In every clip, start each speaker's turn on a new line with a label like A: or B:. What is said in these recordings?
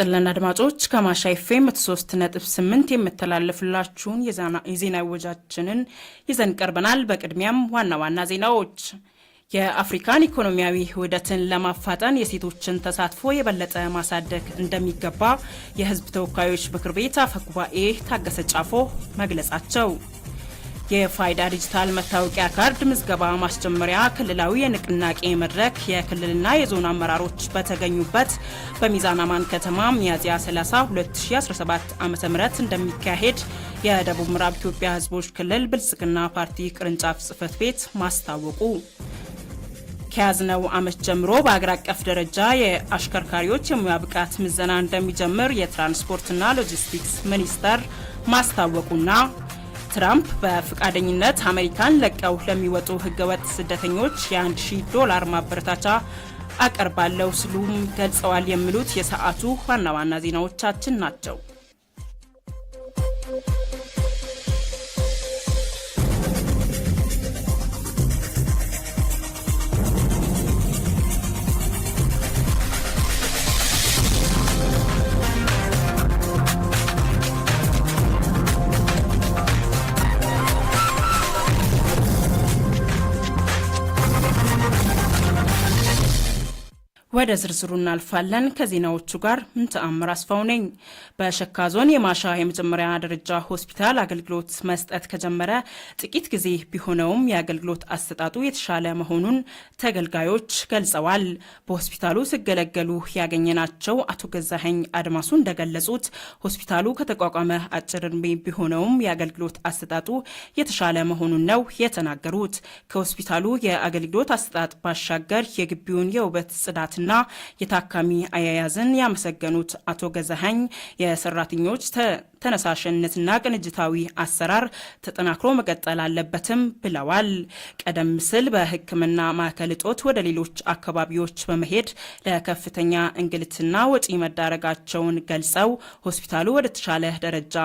A: ይስጥልን አድማጮች ከማሻ ኤፍ ኤም 103.8 የምተላለፍላችሁን የዜና እወጃችንን ይዘን ቀርበናል። በቅድሚያም ዋና ዋና ዜናዎች የአፍሪካን ኢኮኖሚያዊ ውህደትን ለማፋጠን የሴቶችን ተሳትፎ የበለጠ ማሳደግ እንደሚገባ የሕዝብ ተወካዮች ምክር ቤት አፈጉባኤ ታገሰ ጫፎ መግለጻቸው የፋይዳ ዲጂታል መታወቂያ ካርድ ምዝገባ ማስጀመሪያ ክልላዊ የንቅናቄ መድረክ የክልልና የዞን አመራሮች በተገኙበት በሚዛን አማን ከተማ ሚያዝያ 30 2017 ዓ ም እንደሚካሄድ የደቡብ ምዕራብ ኢትዮጵያ ህዝቦች ክልል ብልጽግና ፓርቲ ቅርንጫፍ ጽህፈት ቤት ማስታወቁ ከያዝነው አመት ጀምሮ በአገር አቀፍ ደረጃ የአሽከርካሪዎች የሙያ ብቃት ምዘና እንደሚጀምር የትራንስፖርትና ሎጂስቲክስ ሚኒስቴር ማስታወቁና ትራምፕ በፈቃደኝነት አሜሪካን ለቀው ለሚወጡ ህገወጥ ስደተኞች የ 1000 ዶላር ማበረታቻ አቀርባለሁ ሲሉም ገልጸዋል። የሚሉት የሰዓቱ ዋና ዋና ዜናዎቻችን ናቸው። ወደ ዝርዝሩ እናልፋለን። ከዜናዎቹ ጋር ምንተአምር አስፋው ነኝ። በሸካ ዞን የማሻ የመጀመሪያ ደረጃ ሆስፒታል አገልግሎት መስጠት ከጀመረ ጥቂት ጊዜ ቢሆነውም የአገልግሎት አሰጣጡ የተሻለ መሆኑን ተገልጋዮች ገልጸዋል። በሆስፒታሉ ሲገለገሉ ያገኘናቸው አቶ ገዛኸኝ አድማሱ እንደገለጹት ሆስፒታሉ ከተቋቋመ አጭር እድሜ ቢሆነውም የአገልግሎት አሰጣጡ የተሻለ መሆኑን ነው የተናገሩት። ከሆስፒታሉ የአገልግሎት አሰጣጥ ባሻገር የግቢውን የውበት ጽዳትና የታካሚ አያያዝን ያመሰገኑት አቶ ገዛሀኝ የሰራተኞች ተነሳሽነትና ቅንጅታዊ አሰራር ተጠናክሮ መቀጠል አለበትም ብለዋል። ቀደም ሲል በሕክምና ማዕከል እጦት ወደ ሌሎች አካባቢዎች በመሄድ ለከፍተኛ እንግልትና ወጪ መዳረጋቸውን ገልጸው ሆስፒታሉ ወደ ተሻለ ደረጃ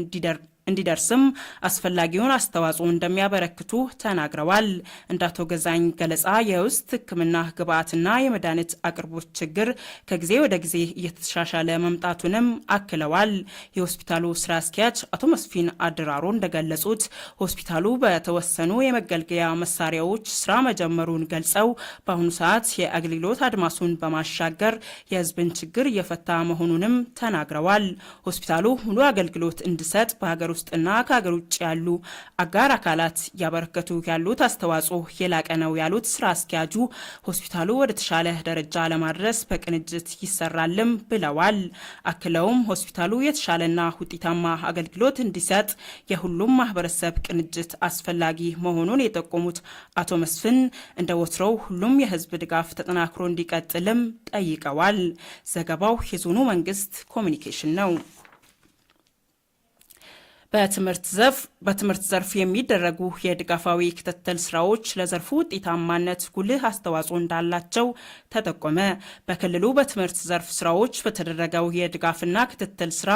A: እንዲደር እንዲደርስም አስፈላጊውን አስተዋጽኦ እንደሚያበረክቱ ተናግረዋል። እንደ አቶ ገዛኝ ገለጻ የውስጥ ሕክምና ግብዓትና የመድኃኒት አቅርቦት ችግር ከጊዜ ወደ ጊዜ እየተሻሻለ መምጣቱንም አክለዋል። የሆስፒታሉ ስራ አስኪያጅ አቶ መስፊን አድራሮ እንደገለጹት ሆስፒታሉ በተወሰኑ የመገልገያ መሳሪያዎች ስራ መጀመሩን ገልጸው በአሁኑ ሰዓት የአገልግሎት አድማሱን በማሻገር የህዝብን ችግር እየፈታ መሆኑንም ተናግረዋል። ሆስፒታሉ ሙሉ አገልግሎት እንዲሰጥ በሀገር ውስጥና ከሀገር ውጭ ያሉ አጋር አካላት እያበረከቱ ያሉት አስተዋጽኦ የላቀ ነው ያሉት ስራ አስኪያጁ ሆስፒታሉ ወደ ተሻለ ደረጃ ለማድረስ በቅንጅት ይሰራልም ብለዋል። አክለውም ሆስፒታሉ የተሻለና ውጤታማ አገልግሎት እንዲሰጥ የሁሉም ማህበረሰብ ቅንጅት አስፈላጊ መሆኑን የጠቆሙት አቶ መስፍን እንደ ወትሮው ሁሉም የህዝብ ድጋፍ ተጠናክሮ እንዲቀጥልም ጠይቀዋል። ዘገባው የዞኑ መንግስት ኮሚኒኬሽን ነው። በትምህርት ዘርፍ በትምህርት ዘርፍ የሚደረጉ የድጋፋዊ ክትትል ስራዎች ለዘርፉ ውጤታማነት ጉልህ አስተዋጽኦ እንዳላቸው ተጠቆመ። በክልሉ በትምህርት ዘርፍ ስራዎች በተደረገው የድጋፍና ክትትል ስራ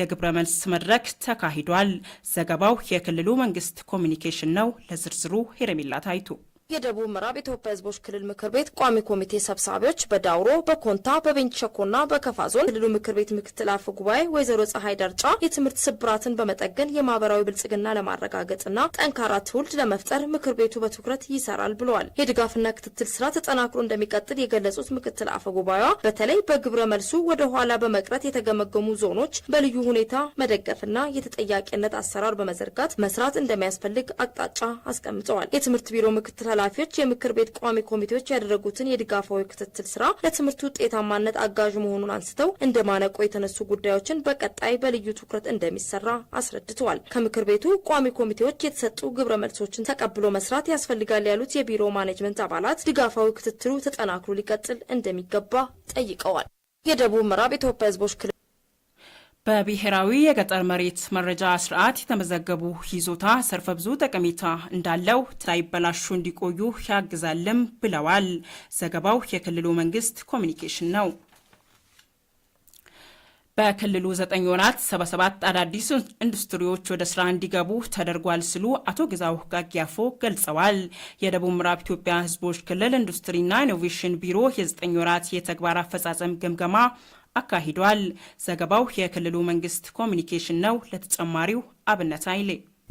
A: የግብረ መልስ መድረክ ተካሂዷል። ዘገባው የክልሉ መንግስት ኮሚኒኬሽን ነው። ለዝርዝሩ ሄረሚላ ታይቱ የደቡብ ምዕራብ ኢትዮጵያ ህዝቦች ክልል ምክር ቤት ቋሚ ኮሚቴ ሰብሳቢዎች በዳውሮ በኮንታ በቤንቸኮና በከፋ ዞን ክልሉ ምክር ቤት ምክትል አፈ ጉባኤ ወይዘሮ ፀሐይ ደርጫ የትምህርት ስብራትን በመጠገን የማህበራዊ ብልጽግና ለማረጋገጥና ጠንካራ ትውልድ ለመፍጠር ምክር ቤቱ በትኩረት ይሰራል ብለዋል። የድጋፍና ክትትል ስራ ተጠናክሮ እንደሚቀጥል የገለጹት ምክትል አፈ ጉባኤዋ በተለይ በግብረ መልሱ ወደ ኋላ በመቅረት የተገመገሙ ዞኖች በልዩ ሁኔታ መደገፍና የተጠያቂነት አሰራር በመዘርጋት መስራት እንደሚያስፈልግ አቅጣጫ አስቀምጠዋል። የትምህርት ቢሮ ምክትል ኃላፊዎች የምክር ቤት ቋሚ ኮሚቴዎች ያደረጉትን የድጋፋዊ ክትትል ስራ ለትምህርት ውጤታማነት አጋዥ መሆኑን አንስተው እንደ ማነቆ የተነሱ ጉዳዮችን በቀጣይ በልዩ ትኩረት እንደሚሰራ አስረድተዋል። ከምክር ቤቱ ቋሚ ኮሚቴዎች የተሰጡ ግብረ መልሶችን ተቀብሎ መስራት ያስፈልጋል ያሉት የቢሮ ማኔጅመንት አባላት ድጋፋዊ ክትትሉ ተጠናክሮ ሊቀጥል እንደሚገባ ጠይቀዋል። የደቡብ ምዕራብ ኢትዮጵያ ህዝቦች ክልል በብሔራዊ የገጠር መሬት መረጃ ስርዓት የተመዘገቡ ይዞታ ዘርፈ ብዙ ጠቀሜታ እንዳለው ሳይበላሹ እንዲቆዩ ያግዛልም ብለዋል። ዘገባው የክልሉ መንግስት ኮሚኒኬሽን ነው። በክልሉ ዘጠኝ ወራት ሰባ አዳዲስ ኢንዱስትሪዎች ወደ ስራ እንዲገቡ ተደርጓል ሲሉ አቶ ግዛው ጋጊያፎ ገልጸዋል። የደቡብ ምዕራብ ኢትዮጵያ ህዝቦች ክልል ኢንዱስትሪና ኢኖቬሽን ቢሮ የዘጠኝ ወራት የተግባር አፈጻጸም ግምገማ አካሂዷል። ዘገባው የክልሉ መንግስት ኮሚኒኬሽን ነው። ለተጨማሪው አብነት ኃይሌ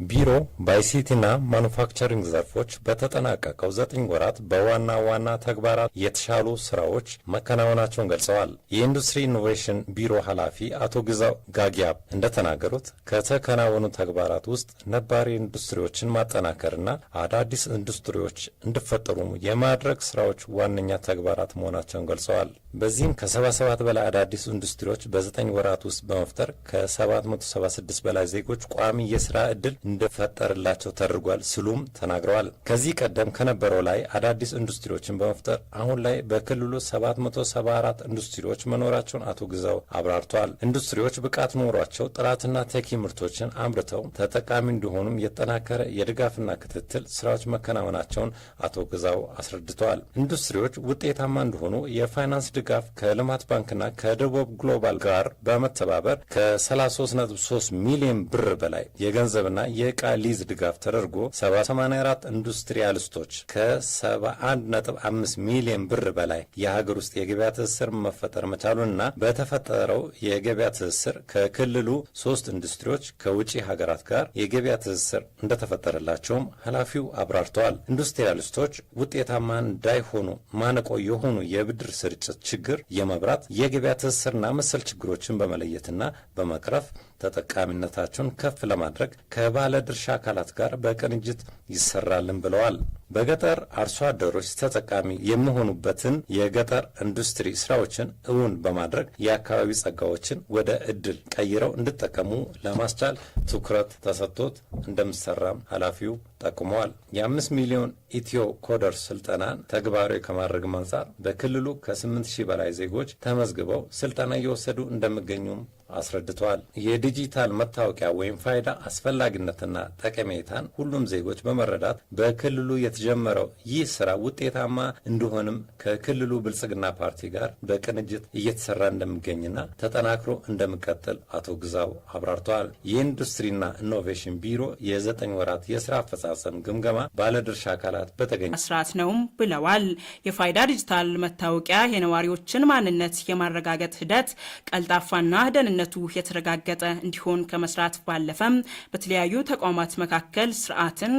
B: ቢሮ በአይሲቲና ማኑፋክቸሪንግ ዘርፎች በተጠናቀቀው ዘጠኝ ወራት በዋና ዋና ተግባራት የተሻሉ ስራዎች መከናወናቸውን ገልጸዋል። የኢንዱስትሪ ኢኖቬሽን ቢሮ ኃላፊ አቶ ግዛው ጋጊያብ እንደተናገሩት ከተከናወኑ ተግባራት ውስጥ ነባሪ ኢንዱስትሪዎችን ማጠናከርና አዳዲስ ኢንዱስትሪዎች እንዲፈጠሩ የማድረግ ስራዎች ዋነኛ ተግባራት መሆናቸውን ገልጸዋል። በዚህም ከ77 በላይ አዳዲስ ኢንዱስትሪዎች በዘጠኝ ወራት ውስጥ በመፍጠር ከ776 በላይ ዜጎች ቋሚ የስራ እድል። እንደፈጠርላቸው ተደርጓል ሲሉም ተናግረዋል። ከዚህ ቀደም ከነበረው ላይ አዳዲስ ኢንዱስትሪዎችን በመፍጠር አሁን ላይ በክልሉ 774 ኢንዱስትሪዎች መኖራቸውን አቶ ግዛው አብራርተዋል። ኢንዱስትሪዎች ብቃት ኖሯቸው ጥራትና ቴኪ ምርቶችን አምርተው ተጠቃሚ እንዲሆኑም የጠናከረ የድጋፍና ክትትል ስራዎች መከናወናቸውን አቶ ግዛው አስረድተዋል። ኢንዱስትሪዎች ውጤታማ እንደሆኑ የፋይናንስ ድጋፍ ከልማት ባንክና ከደቡብ ግሎባል ጋር በመተባበር ከ33.3 ሚሊዮን ብር በላይ የገንዘብና የእቃ ሊዝ ድጋፍ ተደርጎ 784 ኢንዱስትሪያሊስቶች ከ71.5 ሚሊዮን ብር በላይ የሀገር ውስጥ የገበያ ትስስር መፈጠር መቻሉንና በተፈጠረው የገበያ ትስስር ከክልሉ ሶስት ኢንዱስትሪዎች ከውጭ ሀገራት ጋር የገበያ ትስስር እንደተፈጠረላቸውም ኃላፊው አብራርተዋል። ኢንዱስትሪያሊስቶች ውጤታማ እንዳይሆኑ ማነቆ የሆኑ የብድር ስርጭት ችግር፣ የመብራት የገበያ ትስስርና መሰል ችግሮችን በመለየትና በመቅረፍ ተጠቃሚነታቸውን ከፍ ለማድረግ ከባ ድርሻ አካላት ጋር በቅንጅት ይሰራልን ብለዋል። በገጠር አርሶ አደሮች ተጠቃሚ የሚሆኑበትን የገጠር ኢንዱስትሪ ስራዎችን እውን በማድረግ የአካባቢ ጸጋዎችን ወደ እድል ቀይረው እንዲጠቀሙ ለማስቻል ትኩረት ተሰጥቶት እንደሚሰራም ኃላፊው ጠቁመዋል። የአምስት ሚሊዮን ኢትዮ ኮደር ስልጠናን ተግባራዊ ከማድረግ አንጻር በክልሉ ከ8 ሺህ በላይ ዜጎች ተመዝግበው ስልጠና እየወሰዱ እንደሚገኙም አስረድተዋል። የዲጂታል መታወቂያ ወይም ፋይዳ አስፈላጊነትና ጠቀሜታን ሁሉም ዜጎች በመረዳት በክልሉ የተጀመረው ይህ ስራ ውጤታማ እንደሆንም ከክልሉ ብልጽግና ፓርቲ ጋር በቅንጅት እየተሰራ እንደሚገኝና ተጠናክሮ እንደሚቀጥል አቶ ግዛው አብራርተዋል። የኢንዱስትሪና ኢኖቬሽን ቢሮ የዘጠኝ ወራት የስራ አፈጻጸም ግምገማ ባለድርሻ አካላት በተገኘ
A: መስራት ነውም ብለዋል። የፋይዳ ዲጂታል መታወቂያ የነዋሪዎችን ማንነት የማረጋገጥ ሂደት ቀልጣፋና ደህንነቱ ሂደቱ የተረጋገጠ እንዲሆን ከመስራት ባለፈም በተለያዩ ተቋማት መካከል ስርዓትን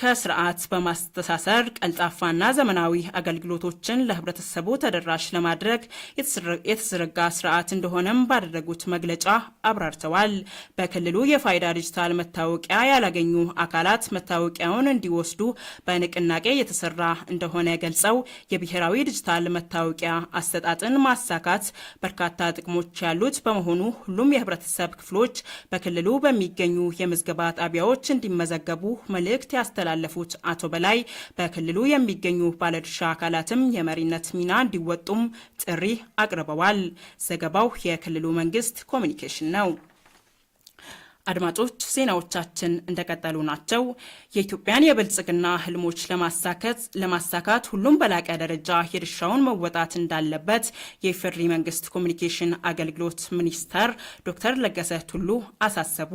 A: ከስርዓት በማስተሳሰር ቀልጣፋና ዘመናዊ አገልግሎቶችን ለህብረተሰቡ ተደራሽ ለማድረግ የተዘረጋ ስርዓት እንደሆነም ባደረጉት መግለጫ አብራርተዋል። በክልሉ የፋይዳ ዲጂታል መታወቂያ ያላገኙ አካላት መታወቂያውን እንዲወስዱ በንቅናቄ የተሰራ እንደሆነ ገልጸው የብሔራዊ ዲጂታል መታወቂያ አሰጣጥን ማሳካት በርካታ ጥቅሞች ያሉት በመሆኑ ሁሉም የህብረተሰብ ክፍሎች በክልሉ በሚገኙ የምዝገባ ጣቢያዎች እንዲመዘገቡ መልእክት ያስተላል ያስተላለፉት አቶ በላይ በክልሉ የሚገኙ ባለድርሻ አካላትም የመሪነት ሚና እንዲወጡም ጥሪ አቅርበዋል። ዘገባው የክልሉ መንግስት ኮሚኒኬሽን ነው። አድማጮች ዜናዎቻችን እንደቀጠሉ ናቸው። የኢትዮጵያን የብልጽግና ህልሞች ለማሳካት ሁሉም በላቀ ደረጃ የድርሻውን መወጣት እንዳለበት የኢፌዴሪ መንግስት ኮሚኒኬሽን አገልግሎት ሚኒስተር ዶክተር ለገሰ ቱሉ አሳሰቡ።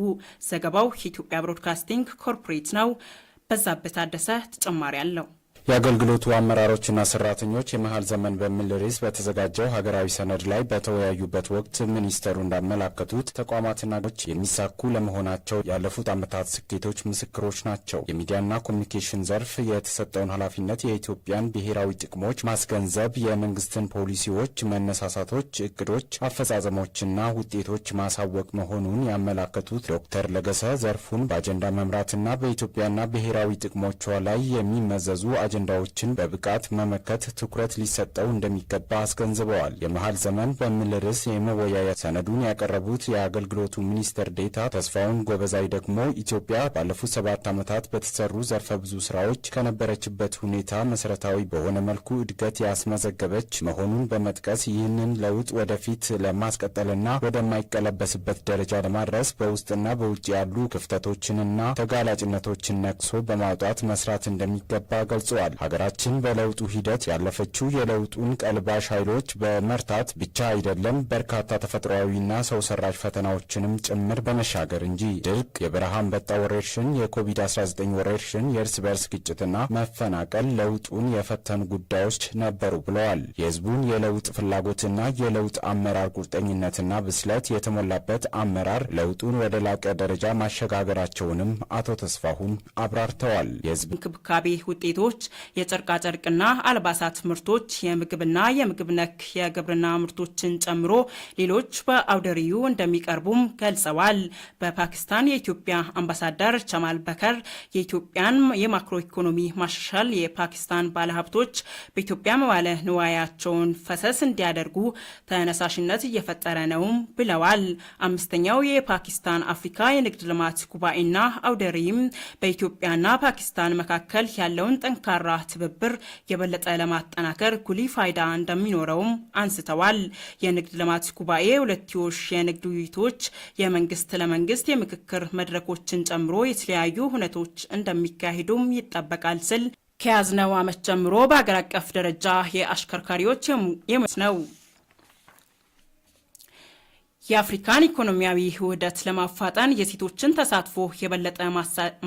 A: ዘገባው የኢትዮጵያ ብሮድካስቲንግ ኮርፖሬት ነው። በዛብህ ታደሰ ተጨማሪ አለው።
B: የአገልግሎቱ አመራሮችና ሰራተኞች የመሀል ዘመን በሚል ርዕስ በተዘጋጀው ሀገራዊ ሰነድ ላይ በተወያዩበት ወቅት ሚኒስተሩ እንዳመላከቱት ተቋማትና ች የሚሳኩ ለመሆናቸው ያለፉት ዓመታት ስኬቶች ምስክሮች ናቸው። የሚዲያና ኮሚኒኬሽን ዘርፍ የተሰጠውን ኃላፊነት፣ የኢትዮጵያን ብሔራዊ ጥቅሞች ማስገንዘብ፣ የመንግስትን ፖሊሲዎች፣ መነሳሳቶች፣ እቅዶች፣ አፈጻጸሞችና ውጤቶች ማሳወቅ መሆኑን ያመላከቱት ዶክተር ለገሰ ዘርፉን በአጀንዳ መምራትና በኢትዮጵያና ብሔራዊ ጥቅሞቿ ላይ የሚመዘዙ አጀንዳዎችን በብቃት መመከት ትኩረት ሊሰጠው እንደሚገባ አስገንዝበዋል። የመሀል ዘመን በሚል ርዕስ የመወያያ ሰነዱን ያቀረቡት የአገልግሎቱ ሚኒስትር ዴታ ተስፋውን ጎበዛይ ደግሞ ኢትዮጵያ ባለፉት ሰባት ዓመታት በተሰሩ ዘርፈ ብዙ ስራዎች ከነበረችበት ሁኔታ መሰረታዊ በሆነ መልኩ እድገት ያስመዘገበች መሆኑን በመጥቀስ ይህንን ለውጥ ወደፊት ለማስቀጠልና ወደማይቀለበስበት ደረጃ ለማድረስ በውስጥና በውጭ ያሉ ክፍተቶችንና ተጋላጭነቶችን ነቅሶ በማውጣት መስራት እንደሚገባ ገልጿል። ተናግረዋል። ሀገራችን በለውጡ ሂደት ያለፈችው የለውጡን ቀልባሽ ኃይሎች በመርታት ብቻ አይደለም በርካታ ተፈጥሯዊና ሰው ሰራሽ ፈተናዎችንም ጭምር በመሻገር እንጂ ድርቅ፣ የበረሃ አንበጣ ወረርሽኝ፣ የኮቪድ-19 ወረርሽኝ፣ የእርስ በርስ ግጭትና መፈናቀል ለውጡን የፈተኑ ጉዳዮች ነበሩ ብለዋል። የህዝቡን የለውጥ ፍላጎትና የለውጥ አመራር ቁርጠኝነትና ብስለት የተሞላበት አመራር ለውጡን ወደ ላቀ ደረጃ ማሸጋገራቸውንም አቶ ተስፋሁን አብራርተዋል።
A: የህዝብ እንክብካቤ ውጤቶች የጨርቃጨርቅና አልባሳት ምርቶች፣ የምግብና የምግብ ነክ የግብርና ምርቶችን ጨምሮ ሌሎች በአውደሪዩ እንደሚቀርቡም ገልጸዋል። በፓኪስታን የኢትዮጵያ አምባሳደር ጀማል በከር የኢትዮጵያን የማክሮ ኢኮኖሚ ማሻሻል የፓኪስታን ባለሀብቶች በኢትዮጵያ መዋለ ንዋያቸውን ፈሰስ እንዲያደርጉ ተነሳሽነት እየፈጠረ ነውም ብለዋል። አምስተኛው የፓኪስታን አፍሪካ የንግድ ልማት ጉባኤና አውደሪም በኢትዮጵያና ፓኪስታን መካከል ያለውን ጠንካራ ጠንካራ ትብብር የበለጠ ለማጠናከር ጉልህ ፋይዳ እንደሚኖረውም አንስተዋል። የንግድ ልማት ጉባኤ ሁለትዮሽ የንግድ ውይይቶች፣ የመንግስት ለመንግስት የምክክር መድረኮችን ጨምሮ የተለያዩ ሁነቶች እንደሚካሄዱም ይጠበቃል ሲል ከያዝነው ዓመት ጀምሮ በሀገር አቀፍ ደረጃ የአሽከርካሪዎች የሙስ ነው። የአፍሪካን ኢኮኖሚያዊ ውህደት ለማፋጠን የሴቶችን ተሳትፎ የበለጠ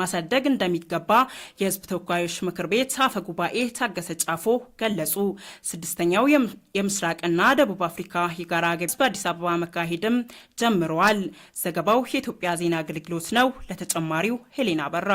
A: ማሳደግ እንደሚገባ የህዝብ ተወካዮች ምክር ቤት አፈ ጉባኤ ታገሰ ጫፎ ገለጹ። ስድስተኛው የምስራቅና ደቡብ አፍሪካ የጋራ ግብስ በአዲስ አበባ መካሄድም ጀምረዋል። ዘገባው የኢትዮጵያ ዜና አገልግሎት ነው። ለተጨማሪው ሄሌና በራ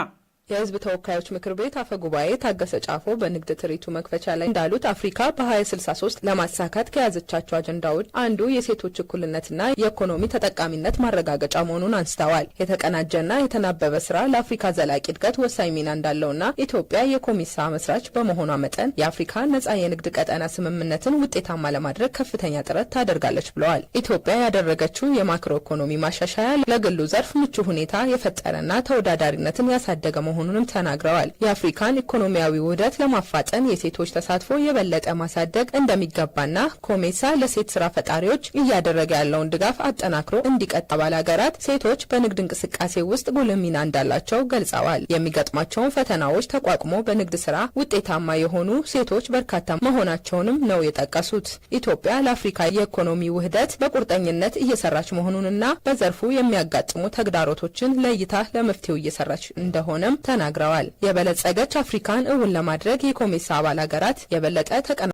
A: የህዝብ ተወካዮች ምክር ቤት አፈ ጉባኤ ታገሰ ጫፎ በንግድ ትርኢቱ መክፈቻ ላይ እንዳሉት አፍሪካ በ2063 ለማሳካት ከያዘቻቸው አጀንዳዎች አንዱ የሴቶች እኩልነትና የኢኮኖሚ ተጠቃሚነት ማረጋገጫ መሆኑን አንስተዋል። የተቀናጀና የተናበበ ስራ ለአፍሪካ ዘላቂ እድገት ወሳኝ ሚና እንዳለውና ኢትዮጵያ የኮሚሳ መስራች በመሆኗ መጠን የአፍሪካ ነጻ የንግድ ቀጠና ስምምነትን ውጤታማ ለማድረግ ከፍተኛ ጥረት ታደርጋለች ብለዋል። ኢትዮጵያ ያደረገችው የማክሮ ኢኮኖሚ ማሻሻያ ለግሉ ዘርፍ ምቹ ሁኔታ የፈጠረና ተወዳዳሪነትን ያሳደገ መሆኑ መሆኑንም ተናግረዋል። የአፍሪካን ኢኮኖሚያዊ ውህደት ለማፋጠን የሴቶች ተሳትፎ የበለጠ ማሳደግ እንደሚገባና ኮሜሳ ለሴት ስራ ፈጣሪዎች እያደረገ ያለውን ድጋፍ አጠናክሮ እንዲቀጥ አባል ሀገራት ሴቶች በንግድ እንቅስቃሴ ውስጥ ጉልህ ሚና እንዳላቸው ገልጸዋል። የሚገጥማቸውን ፈተናዎች ተቋቁሞ በንግድ ስራ ውጤታማ የሆኑ ሴቶች በርካታ መሆናቸውንም ነው የጠቀሱት። ኢትዮጵያ ለአፍሪካ የኢኮኖሚ ውህደት በቁርጠኝነት እየሰራች መሆኑንና በዘርፉ የሚያጋጥሙ ተግዳሮቶችን ለይታ ለመፍትሄው እየሰራች እንደሆነም ተናግረዋል። የበለጸገች አፍሪካን እውን ለማድረግ የኮሜሳ አባል ሀገራት የበለጠ ተቀና